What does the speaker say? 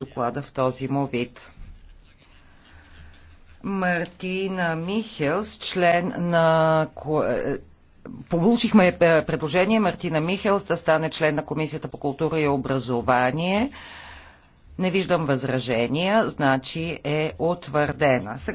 доклада в този му вид. Мартина Михелс, член на... Е, получихме е, предложение Мартина Михелс да стане член на Комисията по култура и образование. Не виждам възражения, значи е утвърдена. Сега